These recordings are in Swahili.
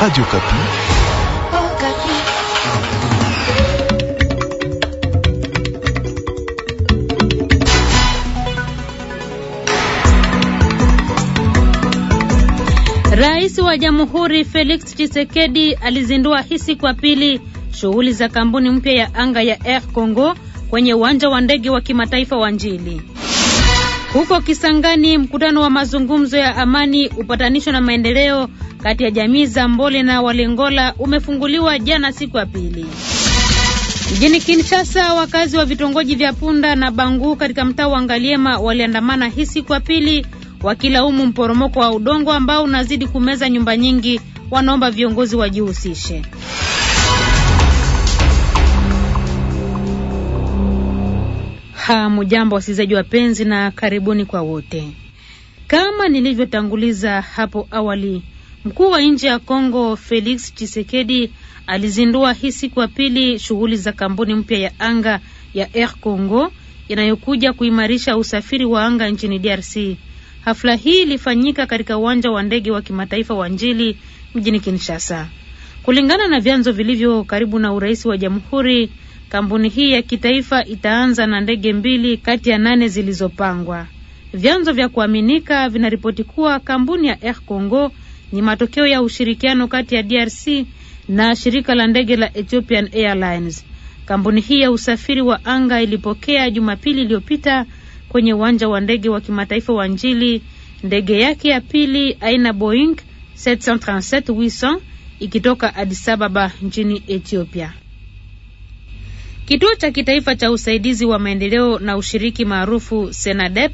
Radio Okapi. Rais wa Jamhuri Felix Tshisekedi alizindua hisi kwa pili shughuli za kampuni mpya ya anga ya Air Congo kwenye uwanja wa ndege wa kimataifa wa Njili. Huko Kisangani, mkutano wa mazungumzo ya amani, upatanisho na maendeleo kati ya jamii za Mbole na Walengola umefunguliwa jana siku ya pili. Mjini Kinshasa, wakazi wa vitongoji vya Punda na Bangu katika mtaa wa Ngaliema waliandamana hii siku ya pili wakilaumu mporomoko wa udongo ambao unazidi kumeza nyumba nyingi. Wanaomba viongozi wajihusishe. Hamujambo wasikilizaji wapenzi, na karibuni kwa wote. Kama nilivyotanguliza hapo awali, Mkuu wa nchi ya Kongo Felix Tshisekedi alizindua hii siku ya pili shughuli za kampuni mpya ya anga ya Air Congo inayokuja kuimarisha usafiri wa anga nchini DRC. Hafla hii ilifanyika katika uwanja wa ndege wa kimataifa wa Njili mjini Kinshasa. Kulingana na vyanzo vilivyo karibu na urais wa jamhuri, kampuni hii ya kitaifa itaanza na ndege mbili kati ya nane zilizopangwa. Vyanzo vya kuaminika vinaripoti kuwa kampuni ya Air Congo ni matokeo ya ushirikiano kati ya DRC na shirika la ndege la Ethiopian Airlines. Kampuni hii ya usafiri wa anga ilipokea Jumapili iliyopita kwenye uwanja wa ndege wa kimataifa wa Njili ndege yake ya pili aina Boeing 737-800 ikitoka Addis Ababa nchini Ethiopia. Kituo cha kitaifa cha usaidizi wa maendeleo na ushiriki maarufu SENADEP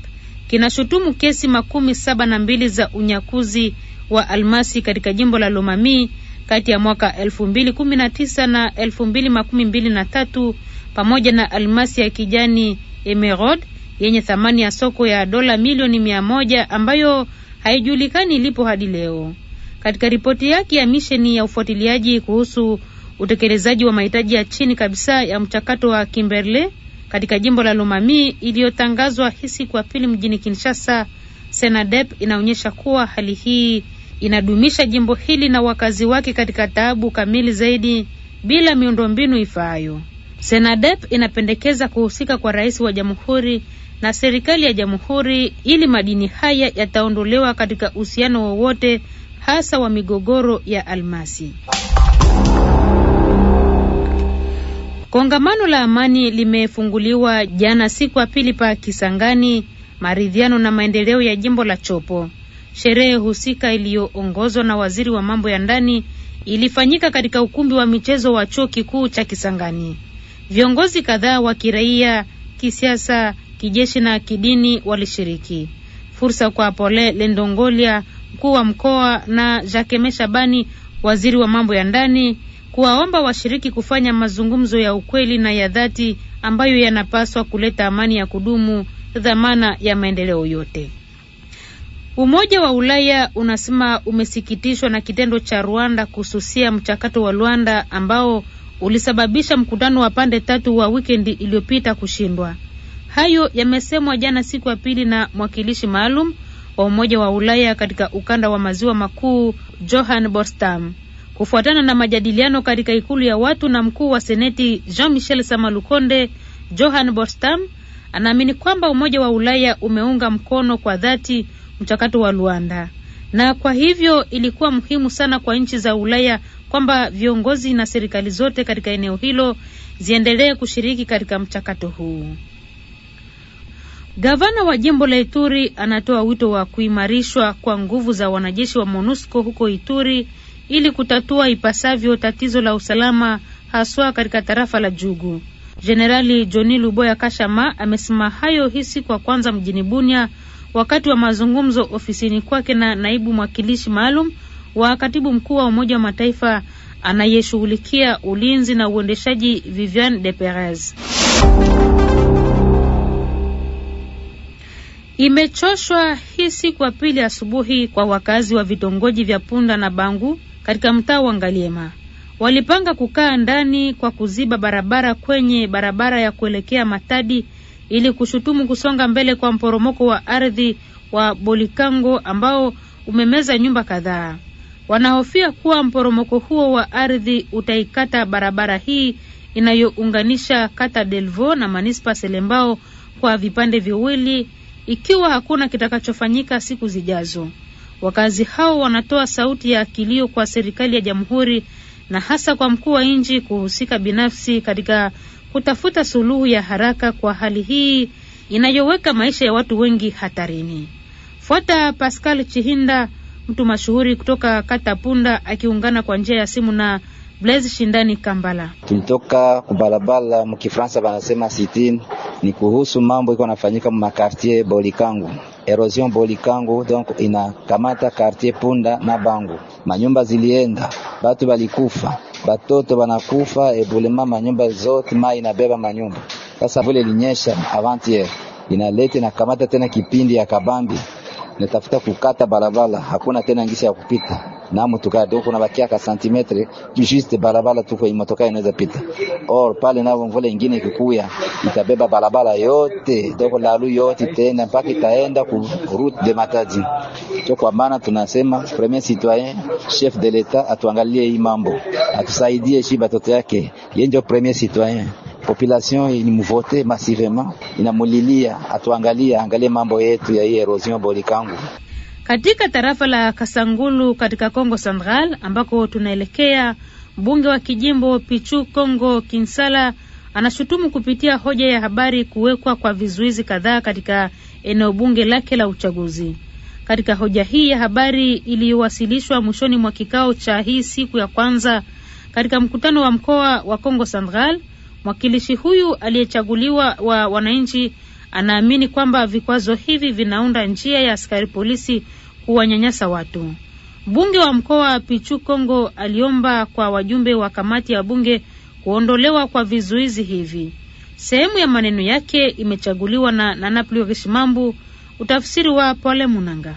kinashutumu kesi makumi saba na mbili za unyakuzi wa almasi katika jimbo la Lomami kati ya mwaka 2019 na 2023 pamoja na almasi ya kijani emerald yenye thamani ya soko ya dola milioni mia moja ambayo haijulikani ilipo hadi leo. Katika ripoti yake ya misheni ya ufuatiliaji kuhusu utekelezaji wa mahitaji ya chini kabisa ya mchakato wa Kimberley katika jimbo la Lomami iliyotangazwa hii siku ya pili mjini Kinshasa, Senadep inaonyesha kuwa hali hii inadumisha jimbo hili na wakazi wake katika taabu kamili zaidi bila miundombinu ifaayo. Senadep inapendekeza kuhusika kwa rais wa jamhuri na serikali ya jamhuri ili madini haya yataondolewa katika uhusiano wowote hasa wa migogoro ya almasi. Kongamano la amani limefunguliwa jana siku ya pili pa Kisangani, maridhiano na maendeleo ya jimbo la Chopo. Sherehe husika iliyoongozwa na waziri wa mambo ya ndani ilifanyika katika ukumbi wa michezo wa chuo kikuu cha Kisangani. Viongozi kadhaa wa kiraia, kisiasa, kijeshi na kidini walishiriki. Fursa kwa Pole Lendongolia, mkuu wa mkoa, na Jakeme Shabani, waziri wa mambo ya ndani, kuwaomba washiriki kufanya mazungumzo ya ukweli na ya dhati ambayo yanapaswa kuleta amani ya kudumu, dhamana ya maendeleo yote. Umoja wa Ulaya unasema umesikitishwa na kitendo cha Rwanda kususia mchakato wa Luanda ambao ulisababisha mkutano wa pande tatu wa wikendi iliyopita kushindwa. Hayo yamesemwa jana siku ya pili na mwakilishi maalum wa Umoja wa Ulaya katika ukanda wa maziwa makuu Johan Borstam, kufuatana na majadiliano katika ikulu ya watu na mkuu wa seneti Jean Michel Samalukonde. Johan Borstam anaamini kwamba Umoja wa Ulaya umeunga mkono kwa dhati mchakato wa Luanda, na kwa hivyo ilikuwa muhimu sana kwa nchi za Ulaya kwamba viongozi na serikali zote katika eneo hilo ziendelee kushiriki katika mchakato huu. Gavana wa jimbo la Ituri anatoa wito wa kuimarishwa kwa nguvu za wanajeshi wa MONUSCO huko Ituri ili kutatua ipasavyo tatizo la usalama haswa katika tarafa la Jugu. Jenerali Joni Luboya Kashama amesema hayo hii siku ya kwanza mjini Bunia wakati wa mazungumzo ofisini kwake na naibu mwakilishi maalum wa katibu mkuu wa Umoja wa Mataifa anayeshughulikia ulinzi na uendeshaji Vivian de Perez. Imechoshwa hii siku ya pili asubuhi kwa wakazi wa vitongoji vya Punda na Bangu katika mtaa wa Ngaliema. Walipanga kukaa ndani kwa kuziba barabara kwenye barabara ya kuelekea Matadi ili kushutumu kusonga mbele kwa mporomoko wa ardhi wa Bolikango ambao umemeza nyumba kadhaa. Wanahofia kuwa mporomoko huo wa ardhi utaikata barabara hii inayounganisha kata Delvo na manispa Selembao kwa vipande viwili ikiwa hakuna kitakachofanyika siku zijazo. Wakazi hao wanatoa sauti ya kilio kwa serikali ya jamhuri na hasa kwa mkuu wa nchi kuhusika binafsi katika kutafuta suluhu ya haraka kwa hali hii inayoweka maisha ya watu wengi hatarini. Fuata Pascal Chihinda, mtu mashuhuri kutoka Katapunda, akiungana kwa njia ya simu na Blaise Shindani Kambala. Tulitoka kubalabala mkifransa banasema sitin ni kuhusu mambo iko nafanyika mumakartier Bolikangu, erosion Bolikangu donc inakamata kartier Punda na Bangu, manyumba zilienda, batu balikufa batoto banakufa ebulema manyumba zote, mai inabeba manyumba. Sasa vile linyesha hier inalete na kamata tena kipindi ya kabambi natafuta kukata barabara, hakuna tena ngisha ya kupita namu motoka do na bakia ka santimetre juste barabara tu kwa motoka inaweza pita, or pale na mvula nyingine ikikuya itabeba barabara yote doko lalu yote tena mpaka itaenda ku route de Matadi. to kwa maana tunasema premier citoyen chef de l'etat atuangalie hii mambo, atusaidie shi batoto yake, yeye ndio premier citoyen population inimvote massivement inamulilia, atuangalie angalie mambo yetu ya hii erosion Bolikangu. Katika tarafa la Kasangulu katika Kongo Central ambako tunaelekea, mbunge wa kijimbo Pichu Kongo Kinsala anashutumu kupitia hoja ya habari kuwekwa kwa vizuizi kadhaa katika eneo bunge lake la uchaguzi. Katika hoja hii ya habari iliyowasilishwa mwishoni mwa kikao cha hii siku ya kwanza katika mkutano wa mkoa wa Kongo Central, mwakilishi huyu aliyechaguliwa wa wananchi Anaamini kwamba vikwazo hivi vinaunda njia ya askari polisi kuwanyanyasa watu. Mbunge wa mkoa Pichu Kongo aliomba kwa wajumbe wa kamati ya bunge kuondolewa kwa vizuizi hivi. Sehemu ya maneno yake imechaguliwa na Nana rishimambu utafsiri wa Pole Munanga.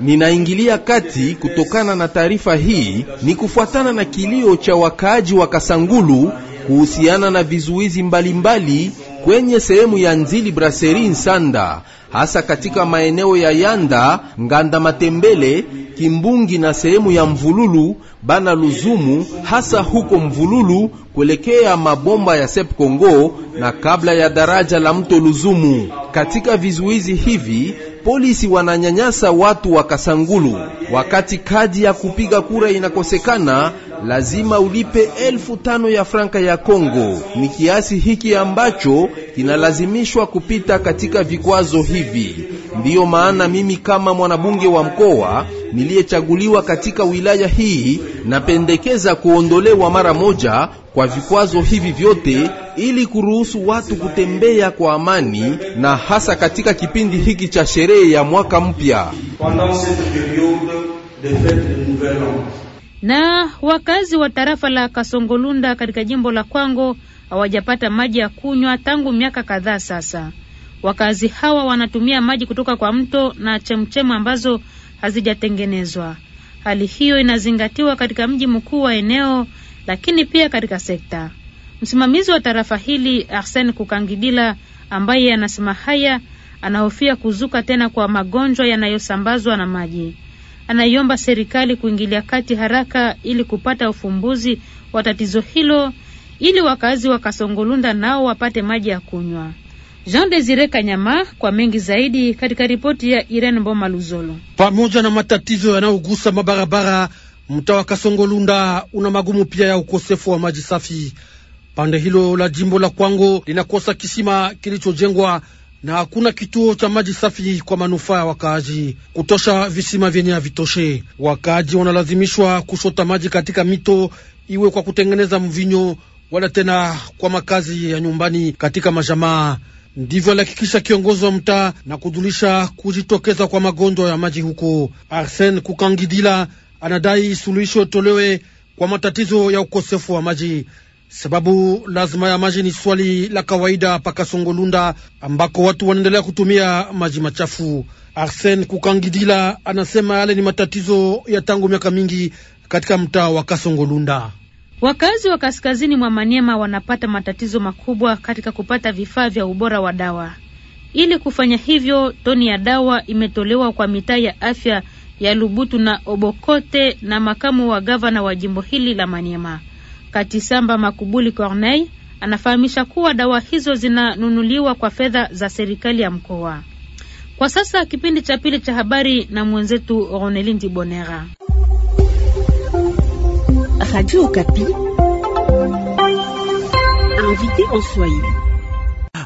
Ninaingilia kati kutokana na taarifa hii, ni kufuatana na kilio cha wakaaji wa Kasangulu kuhusiana na vizuizi mbalimbali mbali kwenye sehemu ya Nzili Braseri Nsanda, hasa katika maeneo ya Yanda, Nganda, Matembele, Kimbungi na sehemu ya Mvululu bana Luzumu, hasa huko Mvululu kuelekea mabomba ya Sep Kongo na kabla ya daraja la mto Luzumu. Katika vizuizi hivi polisi wananyanyasa watu wa Kasangulu, wakati kadi ya kupiga kura inakosekana lazima ulipe elfu tano ya franka ya Kongo. Ni kiasi hiki ambacho kinalazimishwa kupita katika vikwazo hivi. Ndiyo maana mimi kama mwanabunge wa mkoa niliyechaguliwa katika wilaya hii napendekeza kuondolewa mara moja kwa vikwazo hivi vyote ili kuruhusu watu kutembea kwa amani na hasa katika kipindi hiki cha sherehe ya mwaka mpya. Na wakazi wa tarafa la Kasongolunda katika jimbo la Kwango hawajapata maji ya kunywa tangu miaka kadhaa sasa. Wakazi hawa wanatumia maji kutoka kwa mto na chemchemu ambazo hazijatengenezwa. Hali hiyo inazingatiwa katika mji mkuu wa eneo, lakini pia katika sekta. Msimamizi wa tarafa hili Arsen Kukangidila, ambaye anasema haya, anahofia kuzuka tena kwa magonjwa yanayosambazwa na maji anaiomba serikali kuingilia kati haraka ili kupata ufumbuzi wa tatizo hilo ili wakazi wa Kasongolunda nao wapate maji ya kunywa. Jean Desire Kanyama kwa mengi zaidi katika ripoti ya Irene Mboma Luzolo. Pamoja na matatizo yanayogusa mabarabara, mtaa wa Kasongolunda una magumu pia ya ukosefu wa maji safi. Pande hilo la jimbo la Kwango linakosa kisima kilichojengwa na hakuna kituo cha maji safi kwa manufaa ya wakaaji. Kutosha visima vyenye havitoshe, wakaaji wanalazimishwa kushota maji katika mito, iwe kwa kutengeneza mvinyo wala tena kwa makazi ya nyumbani katika majamaa. Ndivyo alihakikisha kiongozi wa mtaa na kujulisha kujitokeza kwa magonjwa ya maji huko. Arsen Kukangidila anadai suluhisho tolewe kwa matatizo ya ukosefu wa maji. Sababu lazima ya maji ni swali la kawaida paka Songolunda ambako watu wanaendelea kutumia maji machafu. Arsen Kukangidila anasema yale ni matatizo ya tangu miaka mingi katika mtaa wa Kasongolunda. Wakazi wa kaskazini mwa Maniema wanapata matatizo makubwa katika kupata vifaa vya ubora wa dawa. Ili kufanya hivyo, toni ya dawa imetolewa kwa mitaa ya afya ya Lubutu na Obokote na makamu wa gavana wa jimbo hili la Maniema. Katisamba Makubuli Corneille anafahamisha kuwa dawa hizo zinanunuliwa kwa fedha za serikali ya mkoa. Kwa sasa kipindi cha pili cha habari na mwenzetu Ronelindi Bonera. Radio Okapi. Invité en Swahili.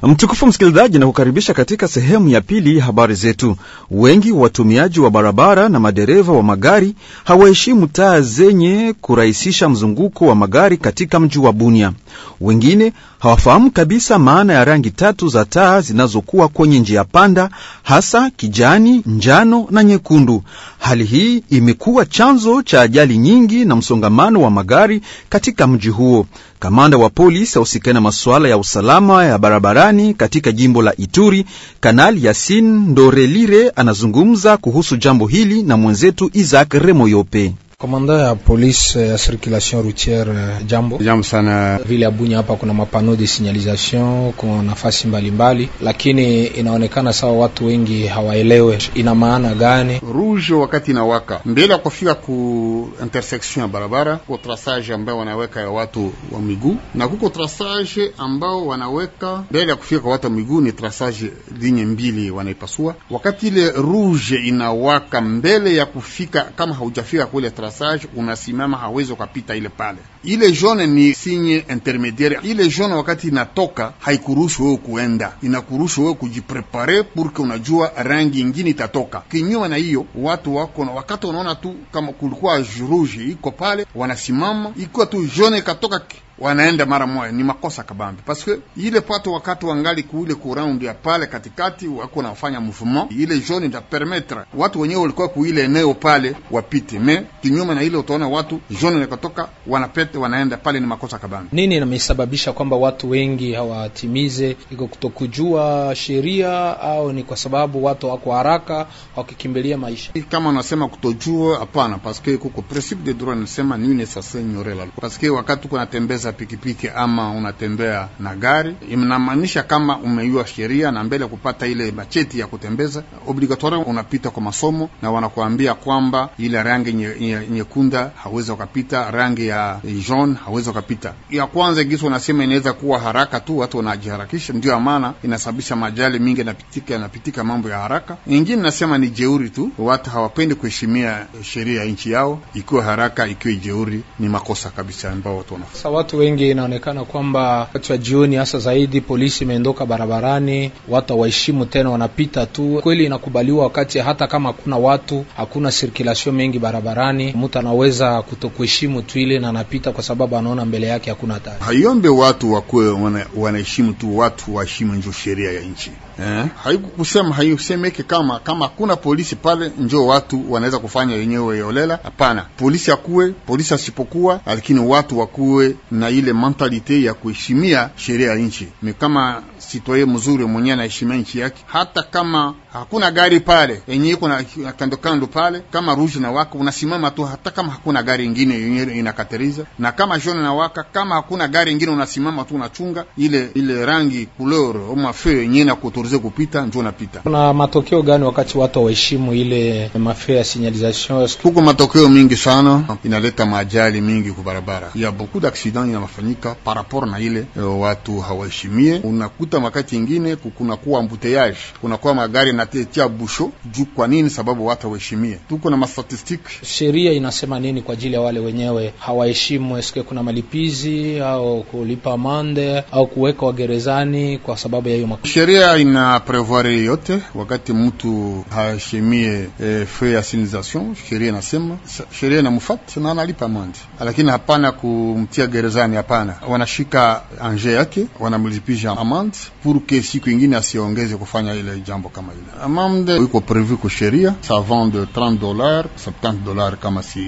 Mtukufu msikilizaji, na kukaribisha katika sehemu ya pili habari zetu. Wengi watumiaji wa barabara na madereva wa magari hawaheshimu taa zenye kurahisisha mzunguko wa magari katika mji wa Bunia. Wengine hawafahamu kabisa maana ya rangi tatu za taa zinazokuwa kwenye njia panda, hasa kijani, njano na nyekundu. Hali hii imekuwa chanzo cha ajali nyingi na msongamano wa magari katika mji huo. Kamanda wa polisi ahusikana masuala ya usalama ya barabarani katika jimbo la Ituri, Kanali Yasin Ndorelire anazungumza kuhusu jambo hili na mwenzetu Isaac Remoyope. Komanda euh, euh, ya polisi ya circulation routiere jambo. Jambo sana. Vile ya Bunya hapa kuna mapano de signalisation kwa nafasi mbalimbali mbali, lakini inaonekana sawa watu wengi hawaelewe ina maana gani rouge wakati inawaka mbele ya kufika ku intersection ya barabara. Kuko traçage ambayo wanaweka ya watu wa miguu na kuko traçage ambao wanaweka mbele ya kufika kwa watu wa miguu, ni traçage linye mbili wanaipasua. Wakati ile rouge inawaka mbele ya kufika, kama haujafika kule traçage passage unasimama, hawezi ukapita ile pale. Ile jone ni signe intermediaire. Ile jone wakati inatoka haikurushu wewe kuenda, inakurushu wewe kujiprepare purke, unajua rangi ingine itatoka kinyuma na hiyo. Watu wako na wakati wanaona tu kama kulikuwa rouge iko pale, wanasimama ikiwa tu jone ikatoka wanaenda mara moja, ni makosa kabambi, parce que ile pato wakati wangali kuile round ya pale katikati wako nafanya mouvement ile jaune da permettre watu wenyewe walikuwa kuile eneo pale wapite, me kinyume na ile utaona watu jaune nakotoka wanapete wanaenda pale, ni makosa kabambi. Nini namesababisha kwamba watu wengi hawatimize? Iko kutokujua sheria au ni kwa sababu watu wako haraka wakikimbilia maisha? Kama unasema kutojua, hapana, parce que kuko principe de droit nasema nini sasa ignorer la parce que wakati kuna tembeza pikipiki ama unatembea na gari, inamaanisha kama umeiwa sheria, na mbele kupata ile macheti ya kutembeza obligatoire unapita kwa masomo, na wanakuambia kwamba ile rangi nyekunda nye, nye hawezi ukapita, rangi ya jaune hauwezi ukapita. Ya kwanza giso unasema inaweza kuwa haraka tu, watu wanajiharakisha, ndio maana inasababisha majali mingi yanapitika, yanapitika mambo ya haraka. Ingine nasema ni jeuri tu, watu hawapendi kuheshimia sheria ya nchi yao, ikiwa haraka ikiwa jeuri, ni makosa kabisa ambao watu wanafanya watu wengi inaonekana kwamba wakati wa jioni hasa zaidi polisi imeondoka barabarani, watu hawaheshimu tena, wanapita tu. Kweli inakubaliwa wakati hata kama hakuna watu, hakuna sirkulasio mengi barabarani, mtu anaweza kutokuheshimu tu ile na anapita kwa sababu anaona mbele yake hakuna hatari. Haiombe watu wakuwe wanaheshimu tu, watu waheshimu njo sheria ya nchi eh? Haikukusema haikusemeke kama kama hakuna polisi pale njo watu wanaweza kufanya wenyewe yolela. Hapana, polisi akuwe, polisi asipokuwa, lakini watu wakuwe na ile mentalite ya kuheshimia sheria ya nchi. Ni kama sitoye mzuri mwenye anaheshimia nchi yake, hata kama hakuna gari pale yenye iko na kando kando pale, kama ruge na waka unasimama tu, hata kama hakuna gari ingine yenye inakatariza, na kama jone na waka, kama hakuna gari ingine unasimama tu unachunga ile ile rangi couleur au mafeu yenye na kutorize kupita, ndio unapita. Kuna matokeo gani wakati watu waheshimu ile mafeu ya signalisation? Huko matokeo mingi sana, inaleta maajali mingi kwa barabara ya beaucoup d'accident inafanyika par rapport na ile eh, watu hawaheshimie. Unakuta wakati ingine kuna kuwa mbuteyaji, kuna kuwa magari na anatetea busho juu. Kwa nini? Sababu watu waheshimie. Tuko na mastatistiki, sheria inasema nini kwa ajili ya wale wenyewe hawaheshimu? Eske kuna malipizi au kulipa amande au kuweka wagerezani kwa sababu ya hiyo makosa? Sheria ina prevoir yote, wakati mtu haheshimie eh, feu ya sinisation, sheria inasema, sheria inamfuata na analipa amande, lakini hapana kumtia gerezani, hapana. Wanashika anje yake, wanamlipisha amande pour que siku ingine asiongeze kufanya ile jambo kama ile. Amende iko prevu kwa sheria savant de 30 dollars 70 dollars kama si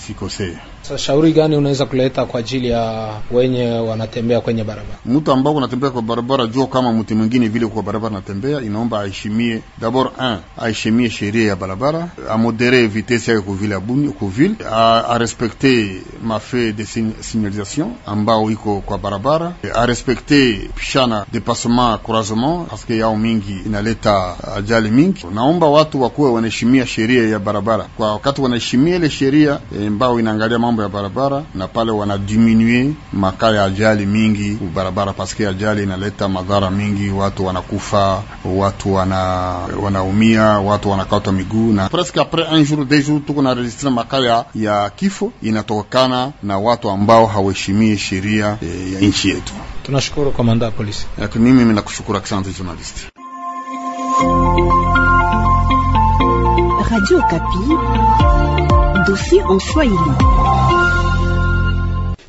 sikosea. Sasa shauri gani unaweza kuleta kwa ajili ya wenye wanatembea kwenye barabara? Mtu ambao unatembea kwa barabara, jua kama mtu mwingine vile kwa barabara anatembea, inaomba aheshimie dabord un, aheshimie sheria ya barabara, amodere vitesi yake kuvile abuni kuvile, arespekte mafe de signalisation ambao iko kwa barabara, arespekte pishana depassement croisement, paske yao mingi inaleta ajali mingi. Naomba watu wakuwe wanaheshimia sheria ya barabara, kwa wakati wanaheshimia ile sheria ambao eh, inaangalia mambo ya barabara, na pale wanadiminue makali ya ajali mingi barabara, paske ajali inaleta madhara mingi, watu wanakufa, watu wana wanaumia, watu wanakata miguu, na presque apres un jour deux jours tuko na registre makali ya ya kifo inatokana na watu ambao hawaheshimii sheria e, ya nchi yetu. Tunashukuru komanda wa polisi. Lakini Mimi ninakushukuru asante journalist. Radio Kapi, dossier en Swahili.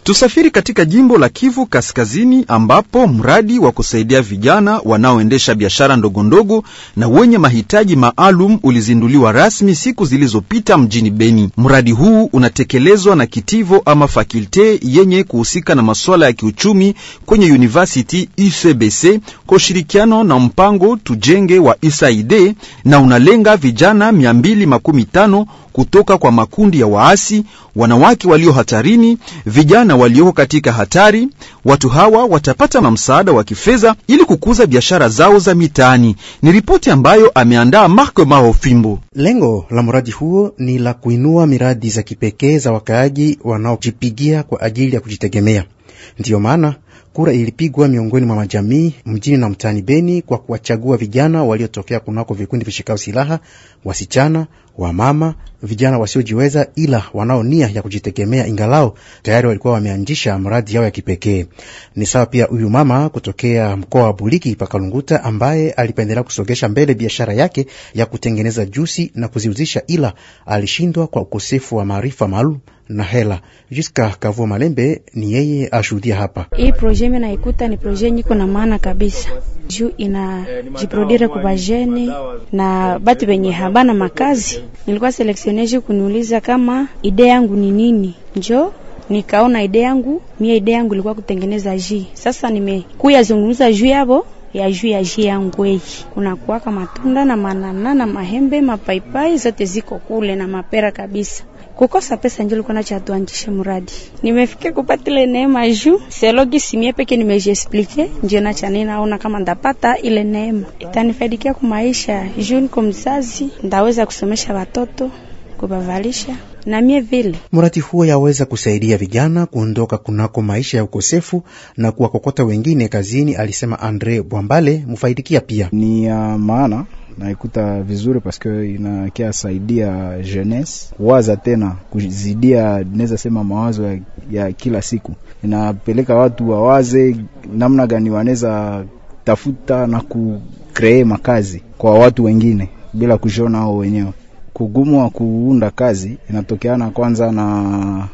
Tusafiri katika jimbo la Kivu Kaskazini ambapo mradi wa kusaidia vijana wanaoendesha biashara ndogondogo na wenye mahitaji maalum ulizinduliwa rasmi siku zilizopita mjini Beni. Mradi huu unatekelezwa na kitivo ama fakulte yenye kuhusika na masuala ya kiuchumi kwenye University UCBC kwa ushirikiano na mpango tujenge wa USAID na unalenga vijana 215 kutoka kwa makundi ya waasi, wanawake walio hatarini, vijana na walioko katika hatari. Watu hawa watapata na msaada wa kifedha ili kukuza biashara zao za mitaani. Ni ripoti ambayo ameandaa Marco Mao Fimbo. Lengo la mradi huo ni la kuinua miradi za kipekee za wakaaji wanaojipigia kwa ajili ya kujitegemea. Ndiyo maana kura ilipigwa miongoni mwa majamii mjini na mtaani Beni kwa kuwachagua vijana waliotokea kunako vikundi vishikao silaha, wasichana, wamama, vijana wasiojiweza, ila wanao nia ya kujitegemea, ingalao tayari walikuwa wameanzisha mradi yao ya kipekee. Ni sawa pia huyu mama kutokea mkoa wa Buliki Pakalunguta, ambaye alipendelea kusogesha mbele biashara yake ya kutengeneza jusi na kuziuzisha, ila alishindwa kwa ukosefu wa maarifa maalum na hela. Jiska Kavua Malembe ni yeye ashuhudia hapa. Hii proje mi naikuta ni proje nyiko na maana kabisa, juu inajiprodira kubajeni na batu venye habana makazi nilikuwa seleksioneji kuniuliza kama idea yangu ni nini, njo nikaona idea yangu mie, idea yangu ilikuwa kutengeneza jii. Sasa nimekuya zungumza juu yavo ya juu ya ji yangu ei, kunakuwaka matunda na manana na mahembe, mapaipai zote ziko kule na mapera kabisa kukosa pesa ndio nilikuwa nacha tuanzishe mradi. Nimefikia kupata ile neema juu selogi simie peke nimejiexplique, ndio nacha ninaona kama ndapata ile neema itanifaidikia kwa maisha. Juu niko mzazi, ndaweza kusomesha watoto, kubavalisha na mie vile. Mradi huo yaweza kusaidia vijana kuondoka kunako maisha ya ukosefu na kuwakokota wengine kazini, alisema Andre Bwambale. Mfaidikia pia ni ya uh, maana naikuta vizuri paske inakia saidia jeunesse kuwaza tena kuzidia, neza sema mawazo ya, ya kila siku, inapeleka watu wawaze namna gani wanaweza tafuta na kukree makazi kwa watu wengine bila kushona ao wenyewe. Kugumu wa kuunda kazi inatokeana kwanza na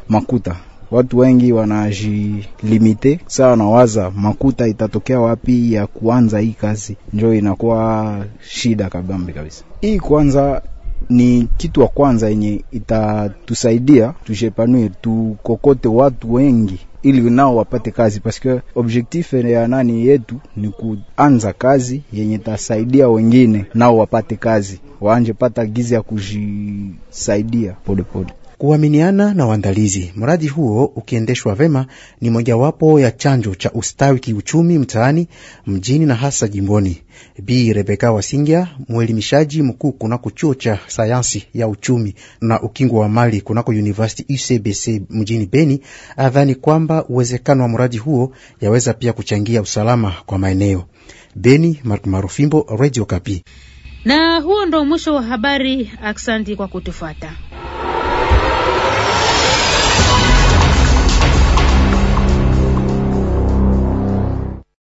makuta watu wengi wanajilimite sa wanawaza makuta itatokea wapi ya kuanza hii kazi, njo inakuwa shida kabambi kabisa. Hii kwanza ni kitu wa kwanza yenye itatusaidia tujepanue tukokote watu wengi ili nao wapate kazi, paske objektif ya nani yetu ni kuanza kazi yenye tasaidia wengine nao wapate kazi, waanje pata gizi ya kujisaidia polepole kuaminiana na waandalizi. Mradi huo ukiendeshwa vema, ni mojawapo ya chanjo cha ustawi kiuchumi mtaani, mjini na hasa jimboni. Bi Rebeka Wasingia, mwelimishaji mkuu kunako chuo cha sayansi ya uchumi na ukingwa wa mali kunako University UCBC mjini Beni, adhani kwamba uwezekano wa mradi huo yaweza pia kuchangia usalama kwa maeneo Beni. Mark Marufimbo, Radio Kapi. Na huo ndo mwisho wa habari. Aksanti kwa kutufata